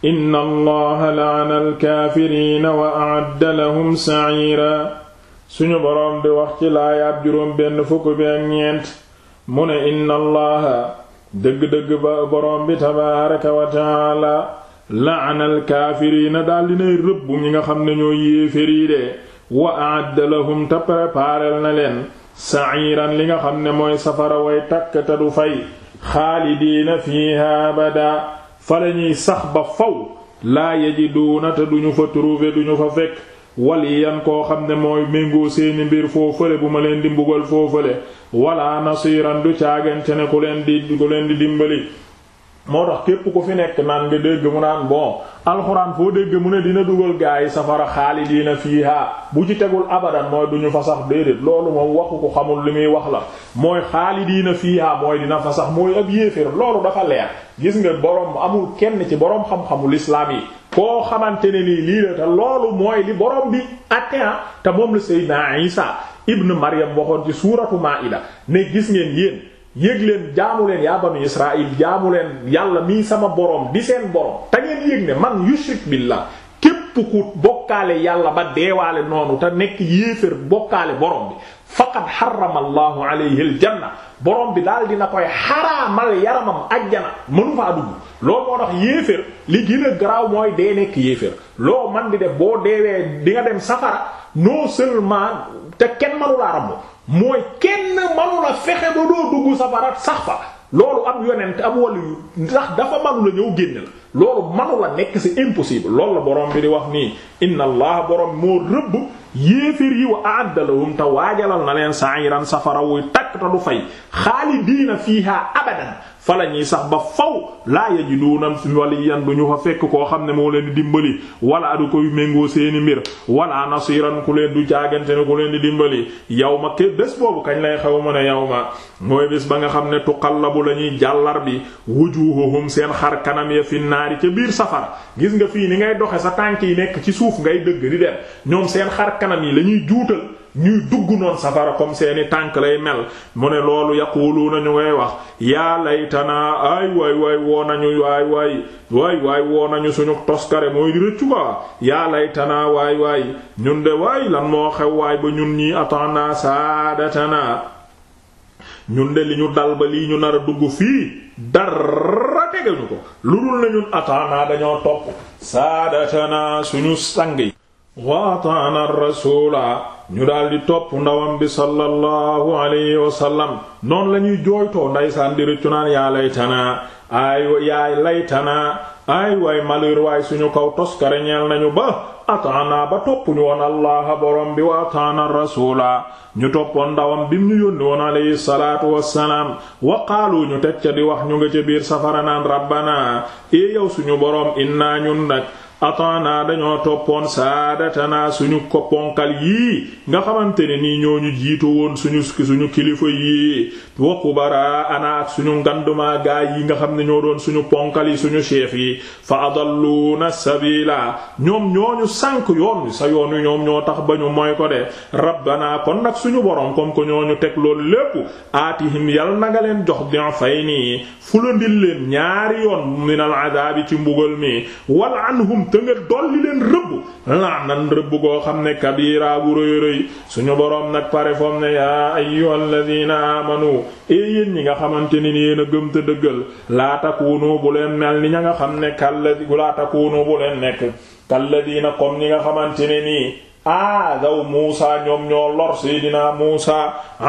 inna allaha la'ana alkaafiriina wa a'adda lahum sa'iira suñu boroom di wax ci laayaab juróom benn fukk bi ak ñeent mu ne inna dëgg-dëgg ba boroom bi tabaaraka wa ta'aala la'ana alkaafiriina daal dinay rëbb ñi nga xam ne ñoo yéefér yi de wa a'adda lahum te préparel na leen sa'iiran li nga xam ne mooy safara way takk te du fay xaalidiina fiiha abada fa la ñuy sax ba faw laa du te duñu fa trouver duñu fa fekk yan koo xam ne mooy méngoo seeni mbir foofale bu ma leen di mbugal foofale wala nasiran du caagante ne ku leen di ku di dimbali moo tax képp ku fi nekk naan nga dégg mu naan bon alxuraan foo dégg mu ne dina dugal gaa yi safara xaalidiina fiiha bu ci tegul abadan mooy duñu fa sax déedéet loolu moom waxu ko xamul li muy wax la mooy xaalidiina fiiha mooy dina fa sax mooy ab yéeféer loolu dafa gis nga borom amul kenn ci borom xam-xamu lislaam yi koo xamante ni nii lii la te loolu mooy li borom bi atteint ah te moom la Seydina Isa ibn Maryam waxoon ci suuratu Maa'ida ne gis ngeen yéen yéeg leen jaamu leen yaa banu Israil jaamu leen yàlla mii sama borom di seen borom te ngeen yéeg ne man yushrik billah képp ku bokkaale yàlla ba deewaale noonu te nekk yéefér bokkaale boroom bi faqad xarama allahu alayhi al janna borom bi daal dina koy xaraamal yaramam ajjana mënu faa dugg loolu moo tax yéeféer li gën graaw mooy dee nekk yéeféer loo man di def boo deewee di nga dem safara non seulement te kenn manu laa rambu mooy kenn manu la fexe ba doo dugg safara sax fa loolu am yonent am wàllu yu ndax dafa manu la ñëw génn la loolu manu la nekk c'est impossible loolu la borom bi di wax nii inna allah borom moo rëbb yéefér yi wa addalahum te waajalal na leen sa'iran safara wuy takk te du fay xaalidiina fiiha abadan fa la ñuy sax ba faw laa yajiduuna waliyan du ñu fa fekk koo xam ne moo leen di dimbali wala du koy méngoo seeni mbir wala nasiran ku leen du jaagante ne ku leen di dimbali yow ma ke bés boobu kañ lay xew ma ne yow ma mooy bés ba nga xam ne tuqallabu la ñuy jàllar naari ca biir safara gis nga fii ni ngay doxe sa tànk yi nekk ci suuf ngay dëgg di dem ñoom seen xar kanam yi la ñuy juutal ñuy dugg noon safara kom seeni tànk lay mel mu ne loolu yaquluuna ñu ngay wax yaa laytanaa ay waay waay woo nañu waay waay waay waay woo nañu suñu toskare mooy rëccu ba yaa laytanaa waay waay ñun de waay lan moo xew ba ñun ñi ataana saadatanaa ñun de li ñu dal ba lii ñu nar a dugg fii dara tegañu ko lu dul na ñun ataana dañoo topp saadatana suñu sang yi wa ataana rasula ñu daal di topp ndawam bi sallallahu alayhi wa sallam noonu la ñuy jooytoo ndaysaan di naan yaa laytana ay yaay laytana ay waay malheur waay suñu kaw toskare ñeel nañu ba ataana ba topp ñu woon allaha borom bi wa ataana rasula ñu toppoon ndawam bim ñu yónni woon alayhi salaatu wassalaam wa qaalu ñu teg di wax ñu nga ca biir safara naan rabbana e yow suñu borom inna ñun nak ataana dañoo toppoon saadatanaa suñu kopponkal yii nga xamante ne nii ñooñu jiitu woon suñu suñu kilifa yii wakkubara ana ak suñu ngandumaa gaay yi nga xam ne ñoo doon suñu ponkal yi suñu chef yi fa adalluna sabila ñoom ñooñu sànk yoon sa yoonu ñoom ñoo tax ba ñu mooy ko de rabbana kon nag suñu borom comme ko ñu teg loolu lépp aatihim yal na nga leen jox din fay nii fulandil leen ñaari yoon minal adaabi ci mbugal mi wal anhum te nga dolli leen rëbb laanan rëbb koo xam ne kabiraa bu rëy rëy suñu boroom nag pare foom ne yaa ayyuhal la amanu e yéen ñi nga xamante ni yéen a gëm te dëggal laa takunu bu leen mel ni ña nga xam ne kàlla laata takunu bu leen nekk kalladiina comme ñi nga xamante ne nii aa daw muusa ñoom ñoo lor seydinaa muusa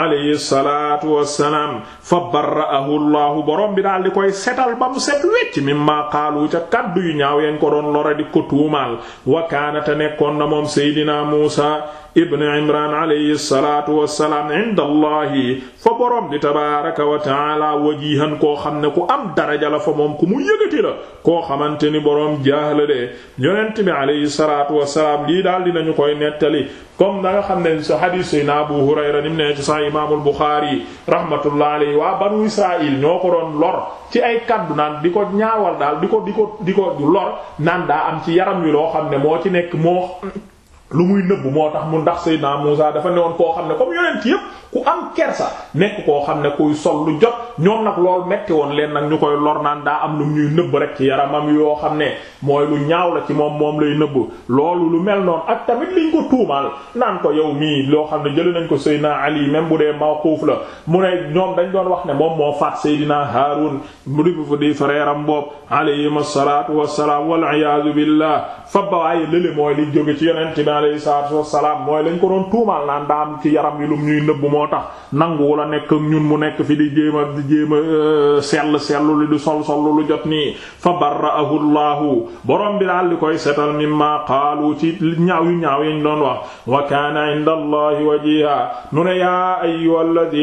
alayhi salaatu wassalaam fa barra'ahu llaahu borom bi daal di koy setal ba mu set wecc mimmaa qaalu ca kaddu yu ñaaw yañ ko doon lora di ko tuumaal wa kaanata nekkoon na moom seydinaa muusa ibn imran alayhi salaatu wassalaam inda allahi fa borom koo xam ne ku am daraja la fa moom ku koo xamante ni borom jaaxla de yonent bi alayhi salaatu wassalaam lii daal dinañu koy nettali comme na nga xam ne sa xadiis say na Abu Hurayra nim ne ci ko doon lor ci ay kaddu naan di ko ñaawal daal di ko di di ko lor naan daa am ci yaram wi loo xam ne moo ci nekk moo lu muy nëbb moo tax mu ndax Seydina Muusa dafa newoon koo xam ne comme yonent yépp ku am kersa nekk koo xam ne kuy sol lu jot ñoom nag lool metti woon leen nag ñu koy lor naan daa am lu ñuy nëbb rek ci yaramam yoo xam ne mooy lu ñaaw la ci moom moom lay nëbb loolu lu mel noonu ak tamit liñ ko tuumaal naan yow mii loo xam ne jëli nañ ko Seydina Ali même bu dee mawquuf la mu ne ñoom dañ doon wax ne moom moo faat Seydina Haarun mu di fa di am boobu alayhim asalaatu wasalaam wal iyaazu billah fa bawaaye lële mooy li ci yonent bi alayhi salaatu wasalaam mooy lañ ko doon tuumaal naan yaram yi lu ñuy moo tax nangu la nekk ñun mu nekk fi di jéem a di jéem a euh, sell sellu li di sol sol lu jot nii fa barra'ahu llahu borom bi daal li koy setal ma qaalu ci ñaaw yu ñaaw yañ doon wax wa kaana inda allahi wajiha nu ne yaa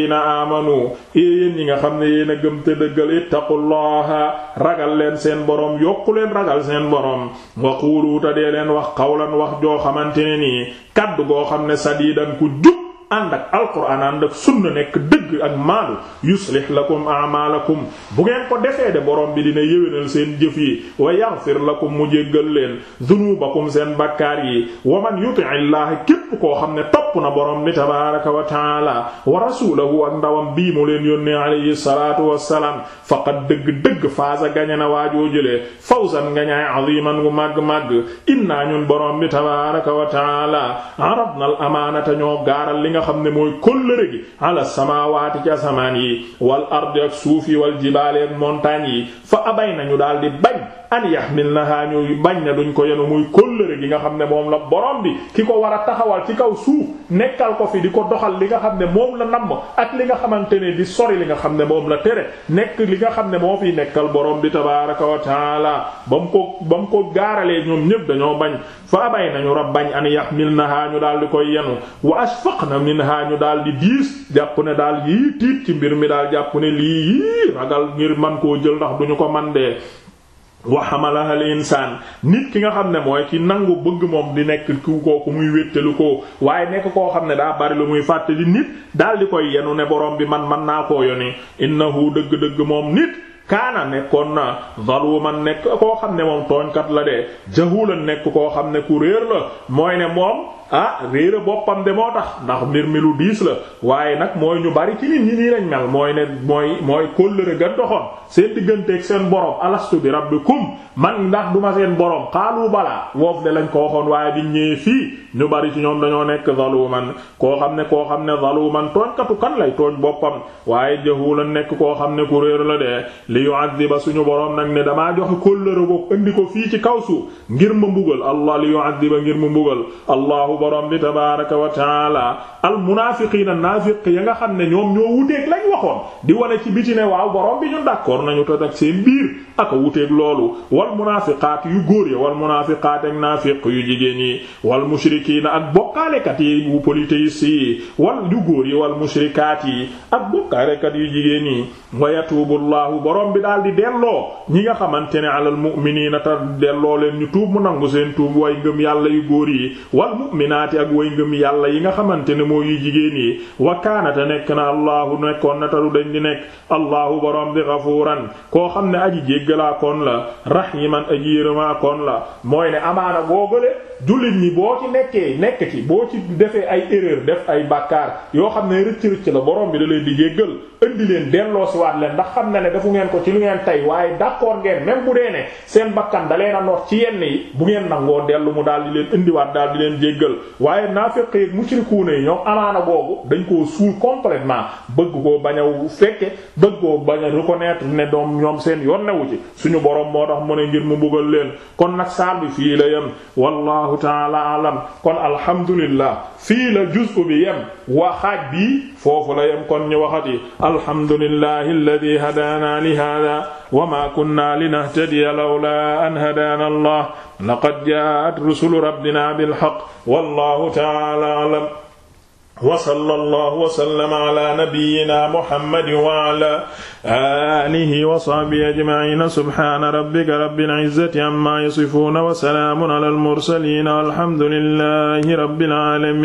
na amanu yéen ñi nga xam ne yéen a gëm te dëggal ittaqullaha ragal leen seen borom yokku leen ragal seen borom wa quulu ta dee leen wax qawlan wax joo xamante ne nii kaddu goo xam ne sadiidan ku jub ànd ak alquran ànd ak sunna nekk dëgg ak maalu yuslih lakum a'malakum bu ngeen ko defee de borom bi dina yéwénal seen jëf yi wa yaghfir lakum mu jéggal leen dunubakum seen bakkaar yi wa man yuti'illaha képp koo xam ne topp na borom bi tabaraka wa taala wa rasulahu ak ndawam bii mu leen yónnee alayhi salatu wassalaam faqad dëgg-dëgg faasa gañe na waajoo jëlee fawzan ngañaay aziman gu màgg-màgg innaa ñun borom bi tabaraka wa taala aradna al amanata nga xam ne mooy kóllëre gi ala samaawaati ci asamaan yi wal ardi ak suuf yi wal jibaale ak montagne yi fa abay nañu daal di bañ an yahmilnaha ñu bañ na duñ ko yenu muy kóllëre gi nga xam ne moom la borom bi ki ko war a taxawal ci kaw suuf nekkal ko fi di ko doxal li nga xam ne moom la namm ak li nga xamante ne di sori li nga xam ne moom la tere nekk li nga xam ne moo fi nekkal borom bi tabaraka wa taala ba mu ko ba mu gaaralee ñoom ñëpp dañoo bañ fa abay nañu rab bañ an yahmilnaha ñu daal di koy yenu wa ashfaqna minha ñu daal di diis jàpp ne daal yii tiit ci mbir mi daal jàpp ne lii yii ragal ngir man koo jël ndax duñu ko man dee wa hamalaha al insaan nit ki nga xam ne mooy ki nangu bëgg moom di nekk ku kooku muy wéttalu ko waaye nekk koo xam ne daa bari lu muy fàtte di nit daal di koy yenu ne borom bi man man naa koo yoni innahu dëgg-dëgg moom nit kaana nekkoon na man nekk koo xam ne moom tooñkat la de la nekk koo xam ne ku réer la mooy ne moom ah réera boppam de moo tax ndax mbir mi lu diis la waaye nag mooy ñu bari ci nit ñi nii lañ mel mooy ne mooy mooy kóllëre ga doxoon seen digganteeg seen borom alastu bi rabbikum man ndax duma seen borom xaalu balaa woof de lañ ko waxoon waaye biñ ñëwee fii ñu bari ci ñoom dañoo nekk zaluman koo xam ne koo xam ne zaluman tooñkatu kan lay tooñ boppam waaye jahuula nekk koo xam ne ku réer la de li yu'adhiba suñu boroom nag ne damaa joxe kóllëre boobu indi ko fii ci kaw suuf ngir ma mbugal allah li yu'adhiba ngir ma mbugal allah waxu borom bi tabaaraka wa taala al munaafiqiina naafiq ya nga xam ne ñoom ñoo wuteeg lañ waxoon di wane ci biti ne waaw borom bi ñun d'accord nañu te ak seen biir ak wuteeg loolu wal munaafiqaat yu góor yi wal munaafiqaat ak naafiq yu jigéen yi wal mushrikiina ak bokkaalekat yi bu polythéistes yi wal yu góor yi wal mushrikaat yi ak bokkaalekat yu jigéen yi wa yatuubu llaahu borom bi daal di delloo ñi nga xamante ne alal mu'miniina te delloo leen ñu tuub mu nangu seen tuub way ngëm yàlla yu mu'minaati ak way ngëm yàlla yi nga xamante ne moo yu jigéen yi wa a nekk na allahu nekkoon na talu dañ di nekk allahu borom bi gafuuran koo xam ne aji jéggalaakoon la rahiman aji yërëmaakoon la mooy ne amaana googale jullit ñi boo ci nekkee nekk ci boo ci defee ay erreur def ay bàkkaar yoo xam ne rëcc rëcc la borom bi da leen di jéggal indi leen delloosiwaat leen ndax xam na ne dafu ngeen ko ci lu ngeen tey waaye d'accord ngeen même bu dee ne seen bakkan da leen a noot ci yenn yi waaye naafiq yi mushrikuuna yi ñoom amaana boobu dañ koo suul complètement bëgg koo bañ a fekke bëgg koo bañ a reconnaître ne doom ñoom seen yoon newu ci suñu borom moo tax mu ne ngir mu bëggal leen kon nag saar bi fii la yem wallahu taala alam kon alhamdulillah fii la juz'u bi yem waa xaaj bii foofu la yem kon ñu waxati alhamdulillahi alladhi hadana li wa maa kunna linahtadiya lawlaa an hadaana allah laqad jaa'at rusulu rabbina bilhaqq wallahu ta'ala a'lam wa sallallahu wa sallama ala nabiyyina muhammadin wa ala alihi wa sahbihi ajma'ina subhana rabbika rabbil izzati amma yasifuna wa salamun ala al mursalin walhamdulillahi rabbil alamin